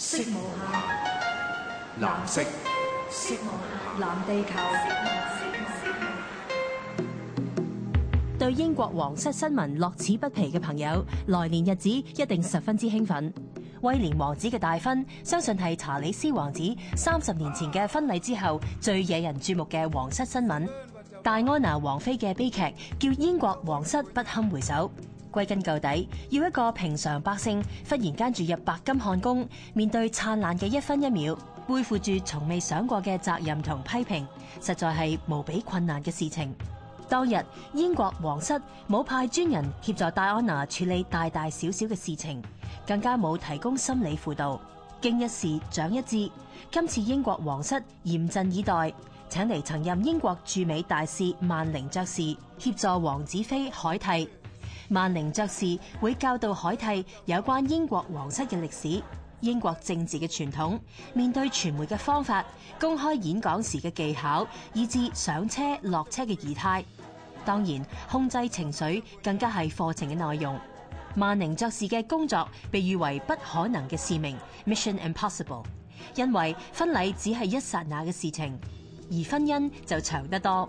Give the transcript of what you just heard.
無下藍色無下，藍地球，藍地球。對英國皇室新聞樂此不疲嘅朋友，來年日子一定十分之興奮。威廉王子嘅大婚，相信係查理斯王子三十年前嘅婚禮之後最惹人注目嘅皇室新聞。戴安娜王妃嘅悲劇，叫英國皇室不堪回首。歸根究底，要一個平常百姓忽然間住入白金漢宮，面對燦爛嘅一分一秒，背負住從未想過嘅責任同批評，實在係無比困難嘅事情。當日英國皇室冇派專人協助戴安娜處理大大小小嘅事情，更加冇提供心理輔導。經一事長一智，今次英國皇室嚴陣以待，請嚟曾任英國駐美大使萬寧爵士協助王子妃海蒂。萬寧爵士會教導海蒂有關英國皇室嘅歷史、英國政治嘅傳統、面對傳媒嘅方法、公開演講時嘅技巧，以至上車落車嘅儀態。當然，控制情緒更加係課程嘅內容。萬寧爵士嘅工作被譽為不可能嘅使命 （Mission Impossible），因為婚禮只係一剎那嘅事情，而婚姻就長得多。